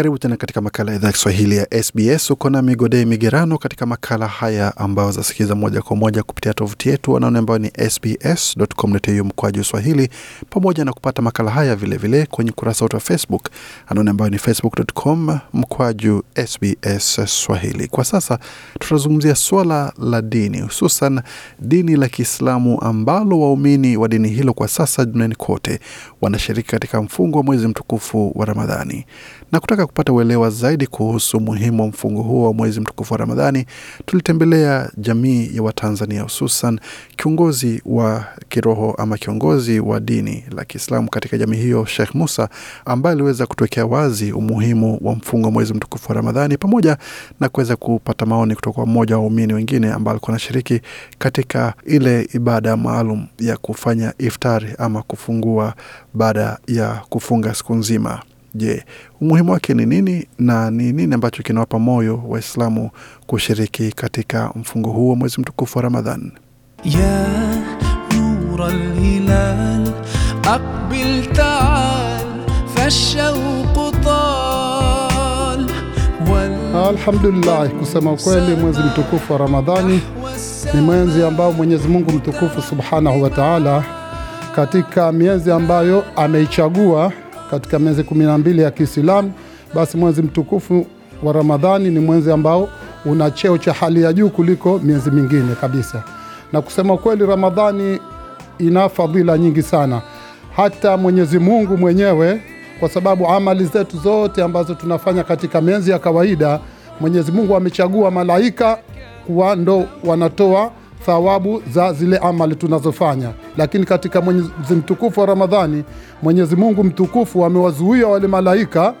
Karibu tena katika makala ya idhaa ya Kiswahili ya SBS. Uko na Migodei Migerano katika makala haya ambayo zasikiliza moja kwa moja kupitia tovuti yetu anaone ambayo ni sbs.com.au mkwaju swahili, pamoja na kupata makala haya vilevile vile kwenye ukurasa wetu wa Facebook anaone ambayo ni facebook.com mkwaju sbs swahili. Kwa sasa tutazungumzia swala la dini, hususan dini la Kiislamu ambalo waumini wa dini hilo kwa sasa duniani kote wanashiriki katika mfungo wa mwezi mtukufu wa Ramadhani na kutaka kupata uelewa zaidi kuhusu umuhimu wa mfungo huo wa mwezi mtukufu wa Ramadhani, tulitembelea jamii ya Watanzania, hususan kiongozi wa kiroho ama kiongozi wa dini la Kiislamu katika jamii hiyo, Sheikh Musa, ambaye aliweza kutuwekea wazi umuhimu wa mfungo wa mwezi mtukufu wa Ramadhani pamoja na kuweza kupata maoni kutoka kwa mmoja wa waumini wengine ambao alikuwa anashiriki katika ile ibada maalum ya kufanya iftari ama kufungua baada ya kufunga siku nzima. Je, umuhimu wake ni nini na ni nini ambacho kinawapa moyo Waislamu kushiriki katika mfungo huu wa mwezi mtukufu wa Ramadhan? ya nur alhilal aqbil taal tal wal... Alhamdulillah, kusema ukweli, mwezi mtukufu wa Ramadhani ni mwezi ambao Mwenyezi Mungu mtukufu subhanahu wa taala katika miezi ambayo ameichagua katika miezi kumi na mbili ya Kiislamu, basi mwezi mtukufu wa Ramadhani ni mwezi ambao una cheo cha hali ya juu kuliko miezi mingine kabisa. Na kusema kweli, Ramadhani ina fadhila nyingi sana, hata Mwenyezi Mungu mwenyewe, kwa sababu amali zetu zote ambazo tunafanya katika miezi ya kawaida, Mwenyezi Mungu amechagua malaika kuwa ndo wanatoa thawabu za zile amali tunazofanya. Lakini katika mwezi mtukufu wa Ramadhani, Mwenyezi Mungu mtukufu amewazuia wale malaika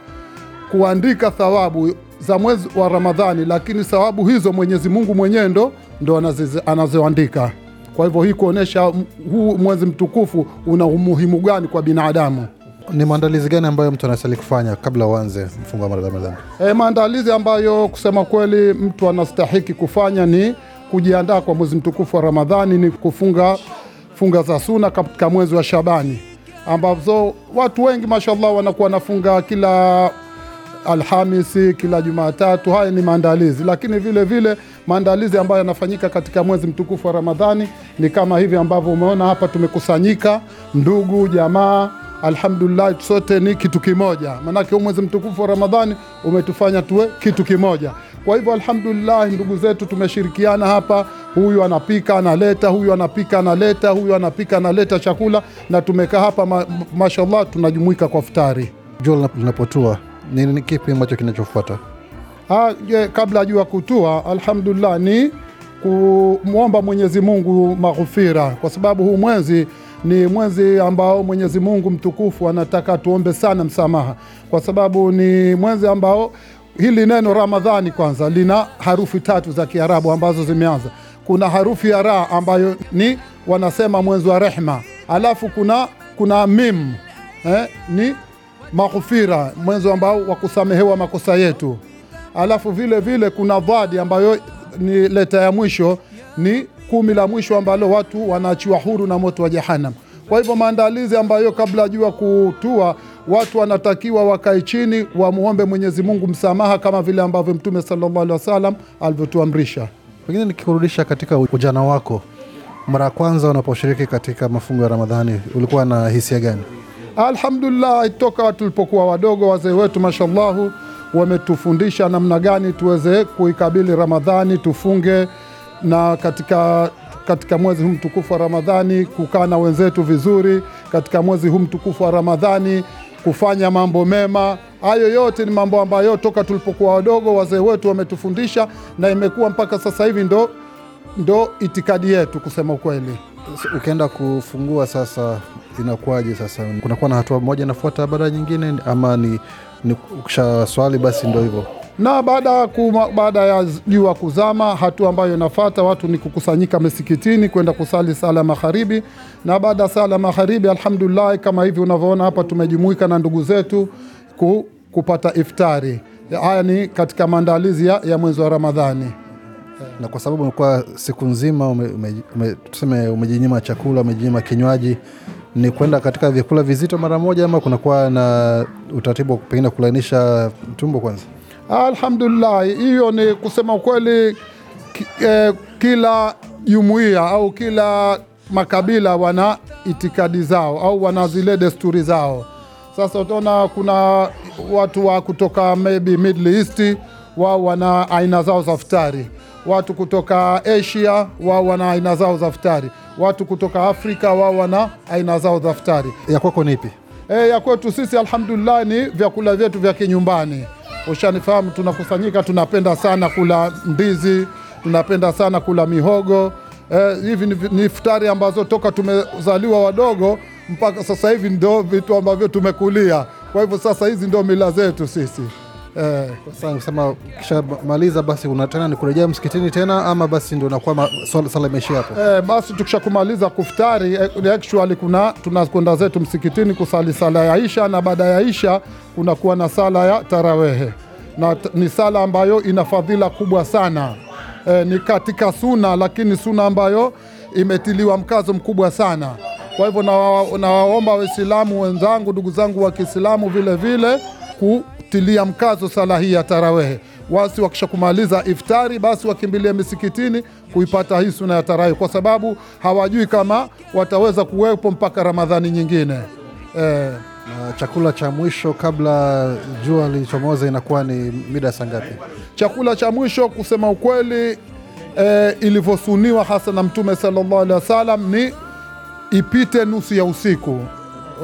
kuandika thawabu za mwezi wa Ramadhani, lakini thawabu hizo Mwenyezi Mungu mwenyewe ndo ndo anazoandika. Kwa hivyo hii kuonyesha huu mwezi mtukufu una umuhimu gani kwa binadamu. Ni maandalizi gani ambayo mtu anastahili kufanya kabla uanze mfungo wa Ramadhani? E, maandalizi ambayo kusema kweli mtu anastahiki kufanya ni kujiandaa kwa mwezi mtukufu wa Ramadhani ni kufunga funga za suna katika mwezi wa Shabani, ambazo watu wengi mashallah wanakuwa wanafunga kila Alhamisi, kila Jumatatu. Haya ni maandalizi, lakini vile vile maandalizi ambayo yanafanyika katika mwezi mtukufu wa Ramadhani ni kama hivi ambavyo umeona hapa, tumekusanyika ndugu jamaa Alhamdulillah, sote ni kitu kimoja, maanake huu mwezi mtukufu wa Ramadhani umetufanya tuwe kitu kimoja. Kwa hivyo alhamdulillah, ndugu zetu tumeshirikiana hapa, huyu anapika analeta, huyu anapika analeta, huyu anapika analeta chakula, na tumekaa hapa ma, mashallah, tunajumuika kwa futari. Jua linapotua ni kipi ambacho kinachofuata? Ha, kabla jua kutua alhamdulillah ni kumwomba Mwenyezi Mungu maghufira, kwa sababu huu mwezi ni mwezi ambao Mwenyezi Mungu mtukufu anataka tuombe sana msamaha, kwa sababu ni mwezi ambao Hili neno Ramadhani kwanza lina harufi tatu za Kiarabu ambazo zimeanza. Kuna harufi ya ra ambayo ni wanasema mwenzi wa rehma, alafu kuna, kuna mim eh, ni maghfira, mwenzi ambao wa kusamehewa makosa yetu, alafu vile vile kuna dhadi ambayo ni leta ya mwisho, ni kumi la mwisho ambalo watu wanaachiwa huru na moto wa Jahannam. Kwa hivyo maandalizi ambayo kabla jua kutua watu wanatakiwa wakae chini wamwombe Mwenyezi Mungu msamaha kama vile ambavyo Mtume sallallahu alaihi wasallam alivyotuamrisha. Pengine nikikurudisha katika ujana wako, mara ya kwanza unaposhiriki katika mafungo ya Ramadhani ulikuwa na hisia gani? Alhamdulillah, toka tulipokuwa wadogo wazee wetu mashallahu wametufundisha namna gani tuweze kuikabili Ramadhani, tufunge na katika katika mwezi huu mtukufu wa Ramadhani kukaa na wenzetu vizuri, katika mwezi huu mtukufu wa Ramadhani kufanya mambo mema. Hayo yote ni mambo ambayo toka tulipokuwa wadogo wazee wetu wametufundisha, na imekuwa mpaka sasa hivi ndo, ndo itikadi yetu kusema ukweli. Ukienda kufungua sasa, inakuwaje sasa? Kunakuwa na hatua moja inafuata baada nyingine, ama ni, ni ukisha swali basi ndo hivyo? Na baada baada ya jua kuzama, hatua ambayo inafata watu ni kukusanyika misikitini kwenda kusali sala magharibi. Na baada ya sala magharibi, alhamdulillah, kama hivi unavyoona hapa, tumejumuika na ndugu zetu ku, kupata iftari. Haya ni katika maandalizi ya, ya mwezi wa Ramadhani na kwa sababu umekuwa siku nzima tuseme ume, ume, umejinyima chakula, umejinyima kinywaji, ni kwenda katika vyakula vizito mara moja, ama kunakuwa na utaratibu wa pengine kulainisha tumbo kwanza? Alhamdulillah, hiyo ni kusema ukweli eh, kila jumuiya au kila makabila wana itikadi zao au wana zile desturi zao. Sasa utaona kuna watu wa kutoka maybe Middle East wao wana aina zao za futari, watu kutoka Asia wao wana aina zao za futari, watu kutoka Afrika wao wana aina zao za futari. Ya kwako ni ipi? E, ya kwetu sisi alhamdulillah ni vyakula vyetu vya kinyumbani ushanifahamu, tunakusanyika, tunapenda sana kula ndizi, tunapenda sana kula mihogo eh, hivi ni, ni futari ambazo toka tumezaliwa wadogo mpaka sasa hivi ndio vitu ambavyo tumekulia. Kwa hivyo sasa hizi ndio mila zetu sisi. Eh, Sema kisha maliza basi tena ni kurejea msikitini tena ama basi ndio nakuwa sala imeishia hapo. Eh, basi kumaliza kuftari eh, actually kuna tunakwenda zetu msikitini kusali sala ya Isha na baada ya Isha kunakuwa na sala ya tarawehe na ni sala ambayo ina fadhila kubwa sana. eh, ni katika suna lakini suna ambayo imetiliwa mkazo mkubwa sana. Kwa hivyo nawaomba Waislamu wenzangu, ndugu zangu wa Kiislamu vile vile kutilia mkazo sala hii ya tarawehe. Wasi wakishakumaliza iftari, basi wakimbilia misikitini kuipata hii suna ya tarawehe, kwa sababu hawajui kama wataweza kuwepo mpaka Ramadhani nyingine eh. Na chakula cha mwisho kabla jua lichomoza inakuwa ni mida saa ngapi? Chakula cha mwisho kusema ukweli, e, ilivyosuniwa hasa na Mtume sallallahu alaihi wasallam ni ipite nusu ya usiku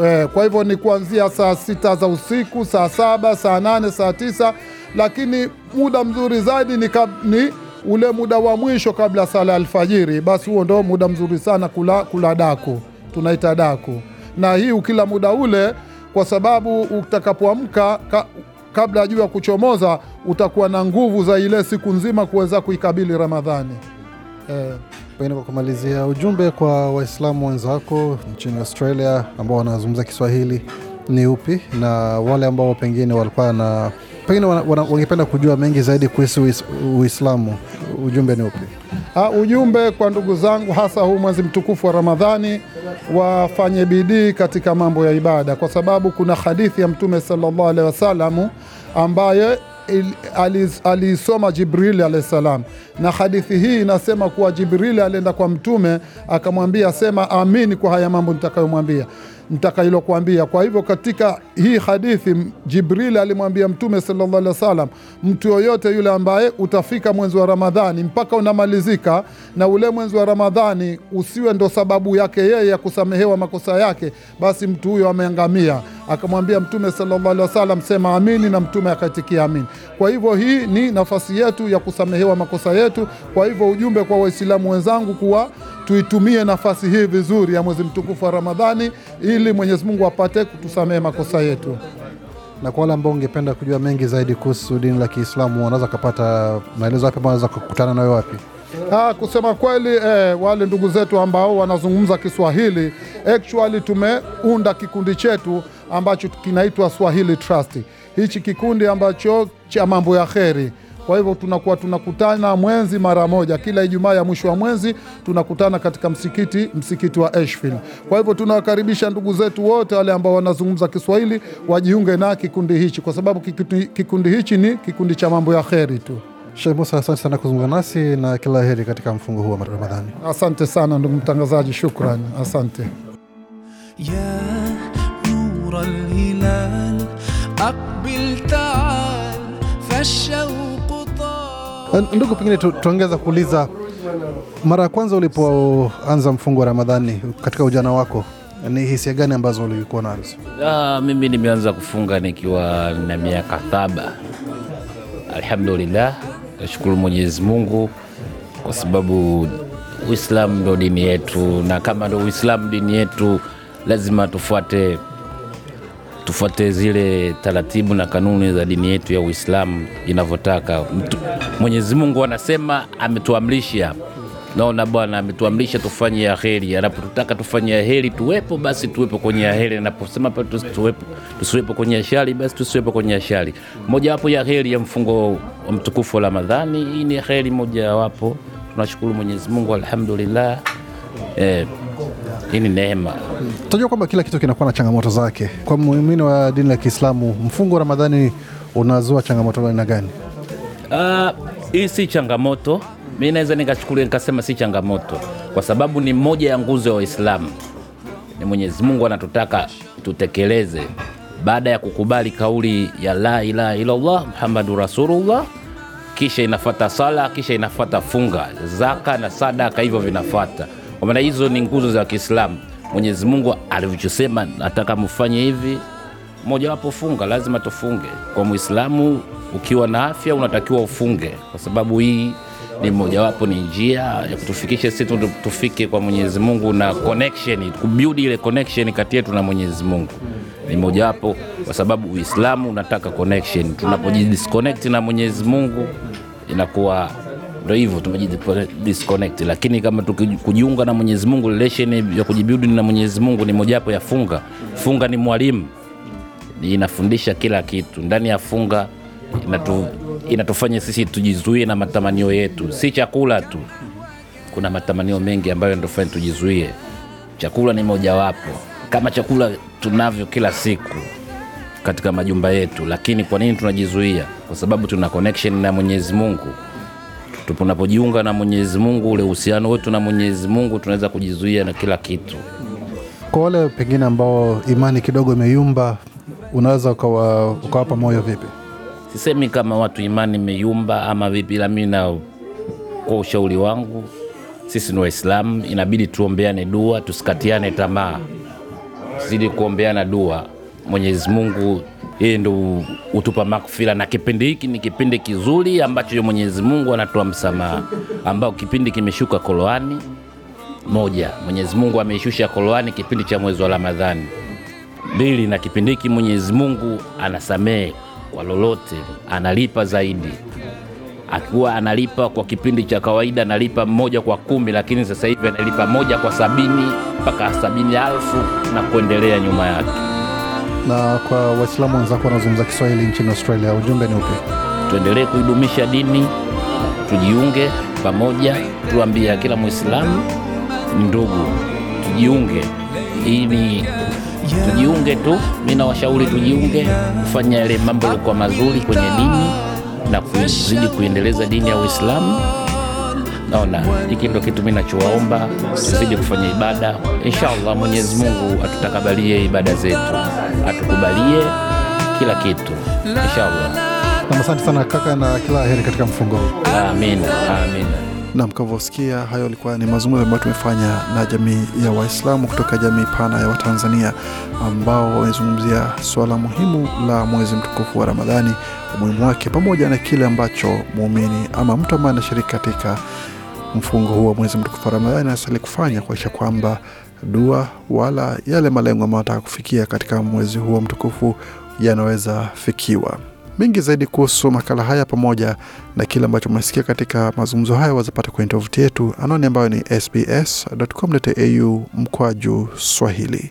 eh, kwa hivyo ni kuanzia saa sita za usiku, saa saba, saa nane, saa tisa, lakini muda mzuri zaidi ni, kab, ni ule muda wa mwisho kabla sala alfajiri. Basi huo ndo muda mzuri sana kula, kula daku tunaita daku, na hii ukila muda ule, kwa sababu utakapoamka ka, kabla ya jua ya kuchomoza utakuwa na nguvu za ile siku nzima kuweza kuikabili Ramadhani eh. Pengine kwa kumalizia, ujumbe kwa Waislamu wenzako nchini Australia ambao wanazungumza Kiswahili ni upi, na wale ambao pengine walikuwa na pengine wangependa kujua mengi zaidi kuhusu Uislamu, ujumbe ni upi? Ha, ujumbe kwa ndugu zangu, hasa huu mwezi mtukufu wa Ramadhani, wafanye bidii katika mambo ya ibada, kwa sababu kuna hadithi ya Mtume sallallahu alaihi wasallam ambaye aliisoma Jibrili alahi salam, na hadithi hii inasema kuwa Jibrili alienda kwa Mtume akamwambia, sema amini kwa haya mambo nitakayomwambia nitakayilokuambia. Kwa hivyo katika hii hadithi jibrili alimwambia Mtume sallallahu alaihi wasallam, mtu yoyote yule ambaye utafika mwezi wa Ramadhani mpaka unamalizika na ule mwezi wa Ramadhani usiwe ndo sababu yake yeye ya kusamehewa makosa yake, basi mtu huyo ameangamia. Akamwambia Mtume sallallahu alaihi wasallam, sema amini, na Mtume akaitikia amini. Kwa hivyo hii ni nafasi yetu ya kusamehewa makosa yetu. Kwa hivyo ujumbe kwa Waislamu wenzangu kuwa tuitumie nafasi hii vizuri ya mwezi mtukufu wa Ramadhani ili Mwenyezi Mungu apate kutusamehe makosa yetu. Na kwa wale ambao ungependa kujua mengi zaidi kuhusu dini la Kiislamu, wanaweza kupata maelezo yapi? Wanaweza kukutana nawe wapi? Ha, kusema kweli eh, wale ndugu zetu ambao wanazungumza Kiswahili actually tumeunda kikundi chetu ambacho kinaitwa Swahili Trust. Hichi kikundi ambacho cha mambo ya kheri kwa hivyo tunakuwa tunakutana mwenzi mara moja, kila Ijumaa ya mwisho wa mwezi tunakutana katika msikiti, msikiti wa Ashfield. Kwa hivyo tunawakaribisha ndugu zetu wote wale ambao wanazungumza Kiswahili wajiunge na kikundi hichi, kwa sababu kikundi, kikundi hichi ni kikundi cha mambo ya kheri tu. Sheikh Musa, asante sana kuzungumza nasi na kila heri katika mfungo huu wa Ramadhani. Asante sana ndugu mtangazaji, shukran, asante ya nura alhilal aqbil taal fashaw Eh, ndugu, pengine tuongeza kuuliza, mara ya kwanza ulipoanza mfungo wa Ramadhani katika ujana wako ni hisia gani ambazo ulikuwa nazo? Ah, mimi nimeanza kufunga nikiwa na miaka saba. Alhamdulillah, nashukuru Mwenyezi Mungu kwa sababu Uislamu ndo dini yetu, na kama ndo Uislamu dini yetu lazima tufuate tufuate zile taratibu na kanuni za dini yetu ya Uislamu inavyotaka. Mwenyezi Mungu anasema ametuamrisha, naona Bwana ametuamrisha tufanye ya heri, anapotutaka tufanye ya heri tuwepo, basi tuwepo kwenye ya heri, anaposema tusiwepo kwenye shari, basi tusiwepo kwenye shari. Mojawapo ya heri ya mfungo wa mtukufu wa Ramadhani, hii ni heri mojawapo. Tunashukuru Mwenyezi Mungu, alhamdulillah eh, hii ni neema. Tunajua kwamba kila kitu kinakuwa na changamoto zake. Kwa muumini wa dini la Kiislamu, mfungo wa Ramadhani unazua changamoto aina gani? Ah, hii uh, si changamoto, mi naweza nikachukulia nikasema si changamoto, kwa sababu ni moja ya nguzo ya Waislamu. Ni Mwenyezi Mungu anatutaka tutekeleze baada ya kukubali kauli ya la ilaha illallah muhammadu rasulullah, kisha inafata sala, kisha inafata funga, zaka na sadaka, hivyo vinafata kwa maana hizo ni nguzo za Kiislamu. Mwenyezi Mungu alivyosema, nataka mfanye hivi. Mojawapo funga, lazima tufunge. Kwa Muislamu ukiwa na afya unatakiwa ufunge, kwa sababu hii ni mojawapo ni njia ya kutufikisha sisi tufike kwa Mwenyezi Mungu na connection, kubuild ile connection kati yetu na Mwenyezi Mungu ni mojawapo, kwa sababu Uislamu unataka connection. Tunapojidisconnect na Mwenyezi Mungu inakuwa ndo hivyo tumejidisconnect, lakini kama tukijiunga na Mwenyezi Mungu, relation ya kujibuild na Mwenyezi Mungu ni mojawapo ya funga. Funga ni mwalimu, inafundisha kila kitu ndani ya funga inatu, inatufanya sisi tujizuie na matamanio yetu, si chakula tu. Kuna matamanio mengi ambayo yanatufanya tujizuie, chakula ni mojawapo. Kama chakula tunavyo kila siku katika majumba yetu, lakini kwa nini tunajizuia? Kwa sababu tuna connection na Mwenyezi Mungu tunapojiunga na Mwenyezi Mungu, ule uhusiano wetu na Mwenyezi Mungu, tunaweza kujizuia na kila kitu. Kwa wale pengine ambao imani kidogo imeyumba, unaweza ukawa, ukawapa moyo vipi? Sisemi kama watu imani imeyumba ama vipi, la mimi na kwa ushauri wangu, sisi ni Waislamu, inabidi tuombeane dua, tusikatiane tamaa, zidi kuombeana dua Mwenyezi Mungu yeye ndo utupa makfira, na kipindi hiki ni kipindi kizuri ambacho Mwenyezi Mungu anatoa msamaha, ambao kipindi kimeshuka Qur'ani moja. Mwenyezi Mungu ameishusha Qur'ani kipindi cha mwezi wa Ramadhani mbili, na kipindi hiki Mwenyezi Mungu anasamehe kwa lolote, analipa zaidi akiwa analipa kwa kipindi cha kawaida analipa moja kwa kumi, lakini sasa hivi analipa moja kwa sabini mpaka sabini elfu na kuendelea nyuma yake. Na kwa Waislamu wenzako wanazungumza Kiswahili nchini Australia, ujumbe ni upi? Tuendelee kuidumisha dini, tujiunge pamoja, tuambie kila Mwislamu ndugu, tujiunge ili tujiunge tu. Mi nawashauri tujiunge, kufanya yale mambo yalikuwa mazuri kwenye dini na kuzidi kuendeleza dini ya Uislamu. Naona hiki ndo kitu mi nachowaomba, tuzidi kufanya ibada. Inshallah Mwenyezi Mungu atutakabalie ibada zetu, atukubalie kila kitu inshallah. Nam, asante sana kaka, na kila heri katika mfungo huu. Amin, amin. Nam, mkavyosikia hayo alikuwa ni mazungumzo ambayo tumefanya na jamii ya Waislamu kutoka jamii pana ya Watanzania ambao wamezungumzia suala muhimu la mwezi mtukufu wa Ramadhani, umuhimu wake pamoja na kile ambacho muumini ama mtu ambaye anashiriki katika Mfungo huo wa mwezi mtukufu wa Ramadhani asali kufanya kuakisha kwamba dua wala yale malengo ambayo anataka kufikia katika mwezi huo mtukufu yanaweza fikiwa. Mengi zaidi kuhusu makala haya pamoja na kile ambacho mnasikia katika mazungumzo haya wazapata kwenye tovuti yetu, anwani ambayo ni sbs.com.au mkwaju Swahili.